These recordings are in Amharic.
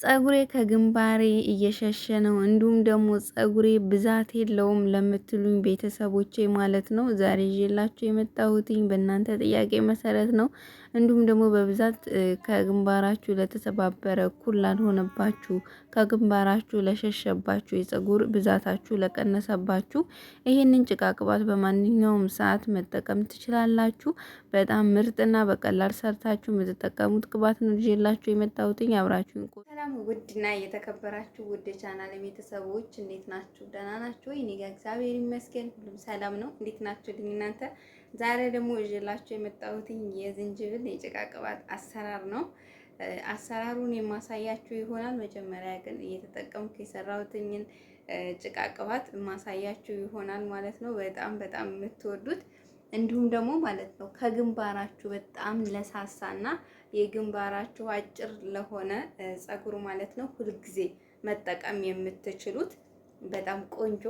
ፀጉሬ ከግንባሬ እየሸሸ ነው እንዲሁም ደግሞ ፀጉሬ ብዛት የለውም ለምትሉኝ ቤተሰቦቼ ማለት ነው ዛሬ ይዤላችሁ የመጣሁትኝ በእናንተ ጥያቄ መሰረት ነው። እንዲሁም ደግሞ በብዛት ከግንባራችሁ ለተሰባበረ፣ እኩል ላልሆነባችሁ፣ ከግንባራችሁ ለሸሸባችሁ፣ የጸጉር ብዛታችሁ ለቀነሰባችሁ ይህንን ጭቃ ቅባት በማንኛውም ሰዓት መጠቀም ትችላላችሁ። በጣም ምርጥና በቀላል ሰርታችሁ የምትጠቀሙት ቅባት ነው ልጅላችሁ የመጣሁትኝ። አብራችሁ እንቆ ሰላም። ውድና የተከበራችሁ ውድ ቻናል ቤተሰቦች እንዴት ናችሁ? ደህና ናችሁ ወይ? እኔ ጋ እግዚአብሔር ይመስገን ሁሉም ሰላም ነው። እንዴት ናችሁ? እናንተ ዛሬ ደግሞ እላችሁ የመጣሁትኝ የዝንጅብል የጭቃ ቅባት አሰራር ነው። አሰራሩን የማሳያችሁ ይሆናል። መጀመሪያ ግን እየተጠቀምኩ የሰራሁትኝን ጭቃ ቅባት የማሳያችሁ ይሆናል ማለት ነው። በጣም በጣም የምትወዱት እንዲሁም ደግሞ ማለት ነው ከግንባራችሁ በጣም ለሳሳና የግንባራችሁ አጭር ለሆነ ጸጉር ማለት ነው ሁልጊዜ መጠቀም የምትችሉት በጣም ቆንጆ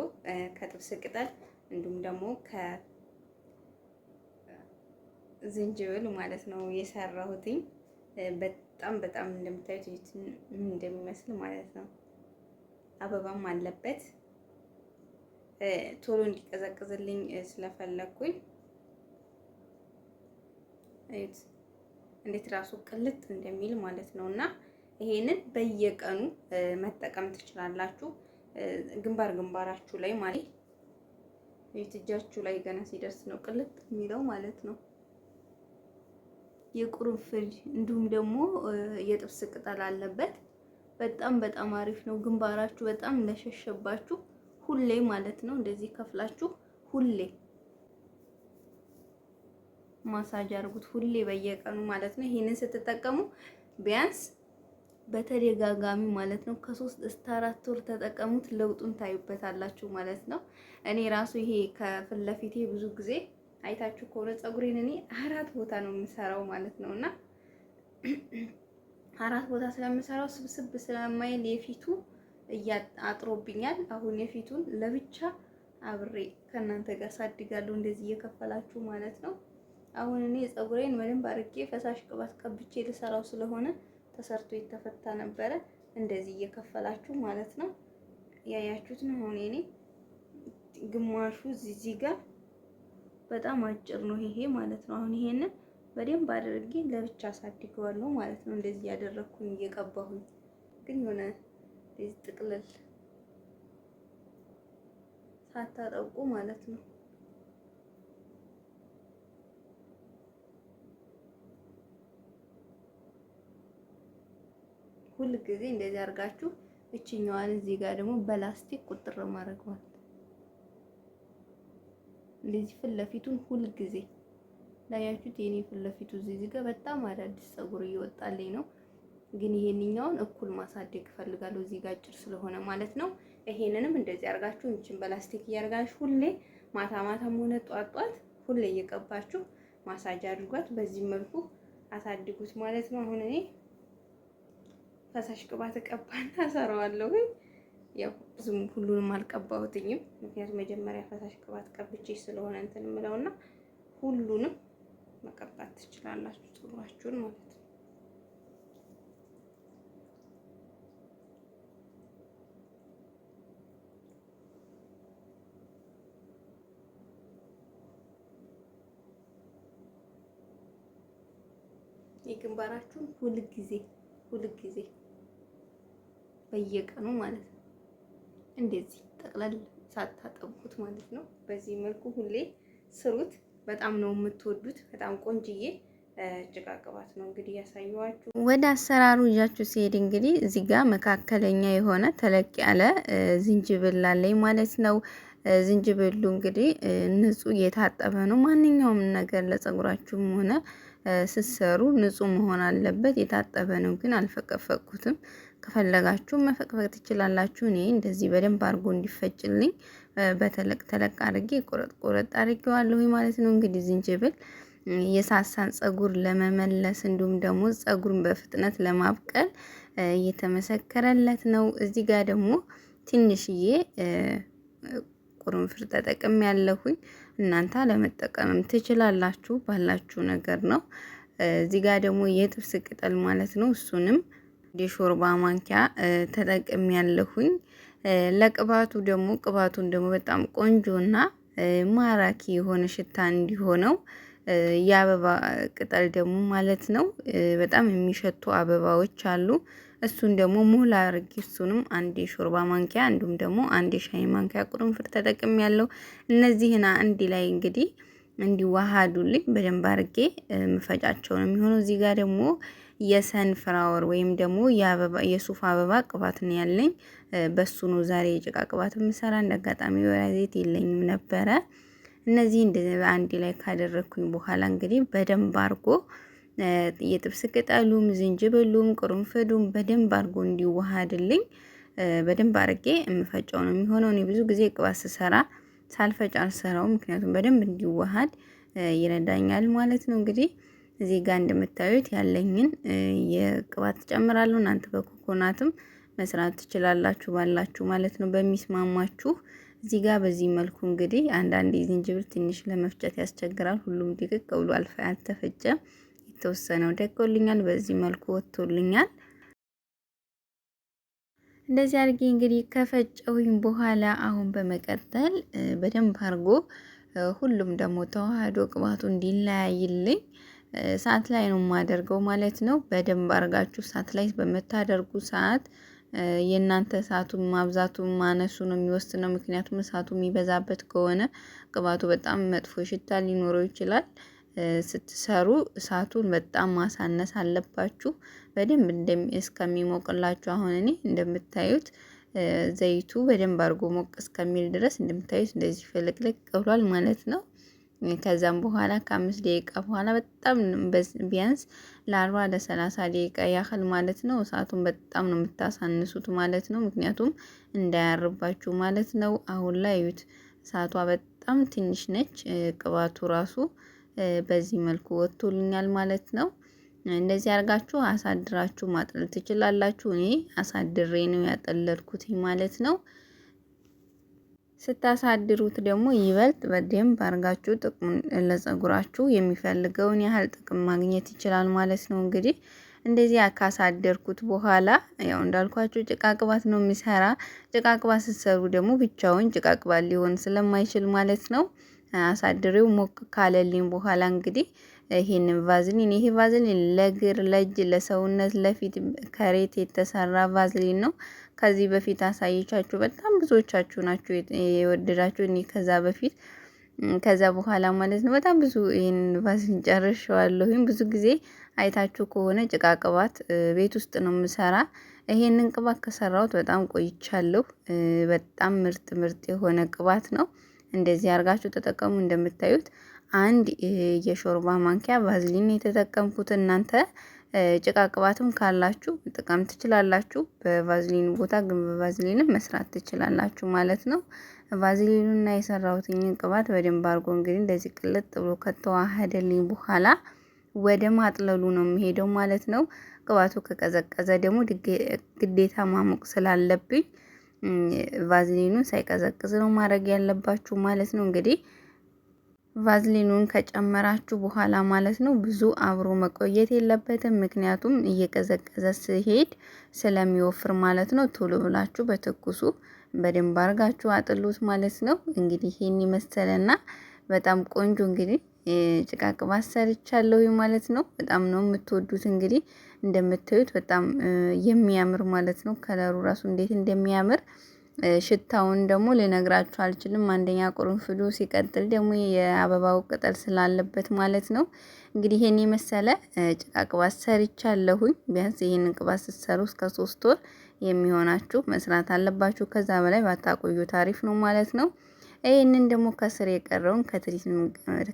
ከጥብስ ቅጠል እንዲሁም ደግሞ ዝንጅብል ማለት ነው የሰራሁትኝ። በጣም በጣም እንደምታዩት እዩትን እንደሚመስል ማለት ነው። አበባም አለበት። ቶሎ እንዲቀዘቅዝልኝ ስለፈለግኩኝ እዩት እንዴት ራሱ ቅልጥ እንደሚል ማለት ነው። እና ይሄንን በየቀኑ መጠቀም ትችላላችሁ። ግንባር ግንባራችሁ ላይ ማለት እጃችሁ ላይ ገና ሲደርስ ነው ቅልጥ የሚለው ማለት ነው። የቁርንፍድ እንዲሁም ደግሞ የጥብስ ቅጠል አለበት። በጣም በጣም አሪፍ ነው። ግንባራችሁ በጣም ለሸሸባችሁ ሁሌ ማለት ነው እንደዚህ ከፍላችሁ ሁሌ ማሳጅ አድርጉት። ሁሌ በየቀኑ ማለት ነው። ይሄንን ስትጠቀሙ ቢያንስ በተደጋጋሚ ማለት ነው ከሶስት እስከ አራት ወር ተጠቀሙት። ለውጡን ታዩበታላችሁ ማለት ነው። እኔ ራሱ ይሄ ከፊት ለፊቴ ብዙ ጊዜ አይታችሁ ከሆነ ፀጉሬን እኔ አራት ቦታ ነው የምሰራው ማለት ነው። እና አራት ቦታ ስለምሰራው ስብስብ ስለማይል የፊቱ አጥሮብኛል። አሁን የፊቱን ለብቻ አብሬ ከእናንተ ጋር ሳድጋለሁ እንደዚህ እየከፈላችሁ ማለት ነው። አሁን እኔ ፀጉሬን በደንብ አድርጌ ፈሳሽ ቅባት ቀብቼ ልሰራው ስለሆነ ተሰርቶ የተፈታ ነበረ። እንደዚህ እየከፈላችሁ ማለት ነው። ያያችሁት ነው። አሁን እኔ ግማሹ እዚህ ጋር በጣም አጭር ነው ይሄ ማለት ነው። አሁን ይሄንን በደንብ አድርጌ ለብቻ አሳድገዋለሁ ማለት ነው። እንደዚህ ያደረኩኝ እየቀባሁኝ ግን የሆነ እንደዚህ ጥቅልል ሳታጠቁ ማለት ነው። ሁል ጊዜ እንደዚህ አድርጋችሁ እችኛዋን እዚህ ጋር ደግሞ በላስቲክ ቁጥር ማድረግ ማለት እንደዚህ ፍለፊቱን ለፊቱን ሁልጊዜ ላያችሁት የኔ ፍለፊቱ እዚህ ጋር በጣም አዳዲስ ፀጉር እየወጣልኝ ነው። ግን ይሄንኛውን እኩል ማሳደግ እፈልጋለሁ እዚህ ጋር አጭር ስለሆነ ማለት ነው። ይሄንንም እንደዚህ አርጋችሁ እንችን በላስቲክ እያርጋችሁ ሁሌ ማታ ማታም ሆነ ጧት ጧት ሁሌ እየቀባችሁ ማሳጅ አድርጓት። በዚህ መልኩ አሳድጉት ማለት ነው። አሁን እኔ ፈሳሽ ቅባት እቀባና እሰራዋለሁ። ያው ብዙም ሁሉንም አልቀባሁትኝም። ምክንያቱም መጀመሪያ ፈሳሽ ቅባት ቀብቼ ስለሆነ እንትን የምለውና ሁሉንም መቀባት ትችላላችሁ ጸጉራችሁን ማለት ነው። የግንባራችሁን ሁልጊዜ ሁልጊዜ በየቀኑ ማለት ነው እንደዚህ ጠቅለል ሳታጠብቁት ማለት ነው። በዚህ መልኩ ሁሌ ስሩት። በጣም ነው የምትወዱት። በጣም ቆንጅዬ ጭቃ ቅባት ነው እንግዲህ ያሳየዋችሁ። ወደ አሰራሩ ይዣችሁ ሲሄድ እንግዲህ እዚህ ጋር መካከለኛ የሆነ ተለቅ ያለ ዝንጅብል አለኝ ማለት ነው። ዝንጅብሉ እንግዲህ ንጹህ የታጠበ ነው። ማንኛውም ነገር ለጸጉራችሁም ሆነ ስትሰሩ ንጹህ መሆን አለበት። የታጠበ ነው ግን አልፈቀፈቅኩትም። ከፈለጋችሁ መፈቅፈቅ ትችላላችሁ። እኔ እንደዚህ በደንብ አድርጎ እንዲፈጭልኝ በተለቅ ተለቅ አድርጌ ቆረጥ ቆረጥ አድርጌዋለሁ ማለት ነው። እንግዲህ ዝንጅብል የሳሳን ጸጉር ለመመለስ እንዲሁም ደግሞ ጸጉርን በፍጥነት ለማብቀል እየተመሰከረለት ነው። እዚህ ጋር ደግሞ ትንሽዬ ቁርንፍር ተጠቅም ያለሁኝ እናንተ አለመጠቀምም ትችላላችሁ፣ ባላችሁ ነገር ነው። እዚህ ጋር ደግሞ የጥብስ ቅጠል ማለት ነው። እሱንም የሾርባ ማንኪያ ተጠቅም ያለሁኝ። ለቅባቱ ደግሞ ቅባቱን ደግሞ በጣም ቆንጆና ማራኪ የሆነ ሽታ እንዲሆነው የአበባ ቅጠል ደግሞ ማለት ነው። በጣም የሚሸቱ አበባዎች አሉ። እሱን ደግሞ ሙላ አድርጌ እሱንም አንድ የሾርባ ማንኪያ እንዲሁም ደግሞ አንድ የሻይ ማንኪያ ቁርንፍር ተጠቅም ያለው እነዚህና አንድ ላይ እንግዲህ እንዲዋሃዱልኝ በደንብ አርጌ ምፈጫቸው ነው የሚሆነው። እዚህ ጋር ደግሞ ፍራወር ወይም ደግሞ የሱፍ አበባ ቅባት ነው ያለኝ። በሱ ነው ዛሬ የጭቃ ቅባት የምሰራ። እንደ አጋጣሚ ወይራ ዘይት የለኝም ነበረ። እነዚህ አንድ ላይ ካደረግኩኝ በኋላ እንግዲህ በደንብ አርጎ የጥብስ ቅጠሉም ዝንጅብሉም ቅርንፍዱም በደንብ አድርጎ እንዲዋሃድልኝ በደንብ አድርጌ የምፈጨው ነው የሚሆነው። እኔ ብዙ ጊዜ ቅባት ስሰራ ሳልፈጭ አልሰራው፣ ምክንያቱም በደንብ እንዲዋሃድ ይረዳኛል ማለት ነው። እንግዲህ እዚህ ጋር እንደምታዩት ያለኝን የቅባት ጨምራለሁ። እናንተ በኮኮናትም መስራት ትችላላችሁ ባላችሁ ማለት ነው በሚስማማችሁ እዚህ ጋር በዚህ መልኩ እንግዲህ አንዳንድ ዝንጅብል ትንሽ ለመፍጨት ያስቸግራል። ሁሉም ድቅቅ ብሎ አልተፈጨም። የተወሰነው ደቆልኛል። በዚህ መልኩ ወጥቶልኛል። እንደዚህ አድርጌ እንግዲህ ከፈጨሁኝ በኋላ አሁን በመቀጠል በደንብ አድርጎ ሁሉም ደግሞ ተዋህዶ ቅባቱ እንዲለያይልኝ ሰዓት ላይ ነው የማደርገው ማለት ነው። በደንብ አድርጋችሁ ሰዓት ላይ በምታደርጉ ሰዓት የእናንተ እሳቱ ማብዛቱ ማነሱ ነው የሚወስነው። ምክንያቱም እሳቱ የሚበዛበት ከሆነ ቅባቱ በጣም መጥፎ ሽታ ሊኖረው ይችላል። ስትሰሩ እሳቱን በጣም ማሳነስ አለባችሁ። በደንብ እስከሚሞቅላችሁ አሁን እኔ እንደምታዩት ዘይቱ በደንብ አድርጎ ሞቅ እስከሚል ድረስ እንደምታዩት እንደዚህ ፍልቅልቅ ብሏል ማለት ነው። ከዛም በኋላ ከአምስት ደቂቃ በኋላ በጣም ቢያንስ ለአርባ ለሰላሳ ደቂቃ ያህል ማለት ነው። እሳቱን በጣም ነው የምታሳንሱት ማለት ነው። ምክንያቱም እንዳያርባችሁ ማለት ነው። አሁን ላይ እዩት፣ እሳቷ በጣም ትንሽ ነች። ቅባቱ ራሱ በዚህ መልኩ ወጥቶልኛል ማለት ነው። እንደዚህ አድርጋችሁ አሳድራችሁ ማጥለል ትችላላችሁ። እኔ አሳድሬ ነው ያጠለልኩት ማለት ነው። ስታሳድሩት ደግሞ ይበልጥ በደንብ አድርጋችሁ ጥቅሙን ለጸጉራችሁ የሚፈልገውን ያህል ጥቅም ማግኘት ይችላል ማለት ነው። እንግዲህ እንደዚህ ካሳደርኩት በኋላ ያው እንዳልኳችሁ ጭቃ ቅባት ነው የሚሰራ። ጭቃ ቅባት ስትሰሩ ደግሞ ብቻውን ጭቃ ቅባት ሊሆን ስለማይችል ማለት ነው አሳድሬው ሞቅ ካለልኝ በኋላ እንግዲህ ይሄንን ቫዝሊን ይሄ ቫዝሊን ለእግር፣ ለእጅ፣ ለሰውነት፣ ለፊት ከሬት የተሰራ ቫዝሊን ነው። ከዚህ በፊት አሳይቻችሁ በጣም ብዙዎቻችሁ ናችሁ የወደዳችሁ። እኔ ከዛ በፊት ከዛ በኋላ ማለት ነው በጣም ብዙ ይህን ቫዝሊን ጨርሼዋለሁኝ። ብዙ ጊዜ አይታችሁ ከሆነ ጭቃ ቅባት ቤት ውስጥ ነው የምሰራ። ይሄንን ቅባት ከሰራሁት በጣም ቆይቻለሁ። በጣም ምርጥ ምርጥ የሆነ ቅባት ነው። እንደዚህ አርጋችሁ ተጠቀሙ። እንደምታዩት አንድ የሾርባ ማንኪያ ቫዝሊን የተጠቀምኩት እናንተ ጭቃ ቅባትም ካላችሁ ጥቅም ትችላላችሁ። በቫዝሊን ቦታ ግን በቫዝሊንም መስራት ትችላላችሁ ማለት ነው። ቫዝሊኑና የሰራሁትኝን ቅባት በደንብ አርጎ እንግዲህ እንደዚህ ቅልጥ ብሎ ከተዋህደልኝ በኋላ ወደ ማጥለሉ ነው የሚሄደው ማለት ነው። ቅባቱ ከቀዘቀዘ ደግሞ ግዴታ ማሞቅ ስላለብኝ ቫዝሊኑን ሳይቀዘቅዝ ነው ማድረግ ያለባችሁ ማለት ነው። እንግዲህ ቫዝሊኑን ከጨመራችሁ በኋላ ማለት ነው ብዙ አብሮ መቆየት የለበትም። ምክንያቱም እየቀዘቀዘ ሲሄድ ስለሚወፍር ማለት ነው። ቶሎ ብላችሁ በትኩሱ በደንብ አርጋችሁ አጥሉት ማለት ነው። እንግዲህ ይህን ይመሰለና በጣም ቆንጆ እንግዲህ ጭቃ ቅባት ሰርቻለሁ ማለት ነው። በጣም ነው የምትወዱት እንግዲህ እንደምታዩት በጣም የሚያምር ማለት ነው። ከለሩ ራሱ እንዴት እንደሚያምር ሽታውን ደግሞ ልነግራችሁ አልችልም። አንደኛ ቁርንፍዱ፣ ሲቀጥል ደግሞ የአበባው ቅጠል ስላለበት ማለት ነው። እንግዲህ ይሄን የመሰለ ጭቃ ቅባት ሰርቻለሁኝ። ቢያንስ ይሄንን ቅባት ስትሰሩ እስከ ሶስት ወር የሚሆናችሁ መስራት አለባችሁ። ከዛ በላይ ባታቆዩ ታሪፍ ነው ማለት ነው። ይህንን ደግሞ ከስር የቀረውን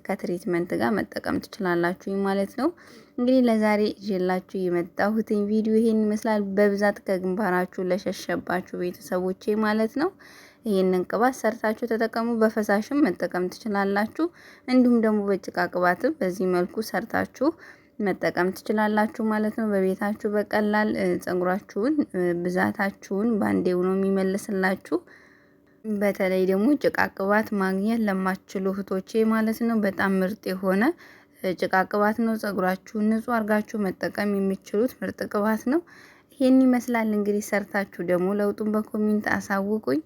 ከትሪትመንት ጋር መጠቀም ትችላላችሁ ማለት ነው። እንግዲህ ለዛሬ ይዤላችሁ የመጣሁትኝ ቪዲዮ ይሄን ይመስላል። በብዛት ከግንባራችሁ ለሸሸባችሁ ቤተሰቦቼ ማለት ነው። ይህንን ቅባት ሰርታችሁ ተጠቀሙ። በፈሳሽም መጠቀም ትችላላችሁ። እንዲሁም ደግሞ በጭቃ ቅባትም በዚህ መልኩ ሰርታችሁ መጠቀም ትችላላችሁ ማለት ነው። በቤታችሁ በቀላል ጸጉራችሁን ብዛታችሁን ባንዴው ነው የሚመልስላችሁ። በተለይ ደግሞ ጭቃ ቅባት ማግኘት ለማትችሉ እህቶቼ ማለት ነው። በጣም ምርጥ የሆነ ጭቃ ቅባት ነው። ጸጉራችሁን ንጹህ አርጋችሁ መጠቀም የሚችሉት ምርጥ ቅባት ነው። ይህን ይመስላል እንግዲህ ሰርታችሁ ደግሞ ለውጡን በኮሜንት አሳውቁኝ።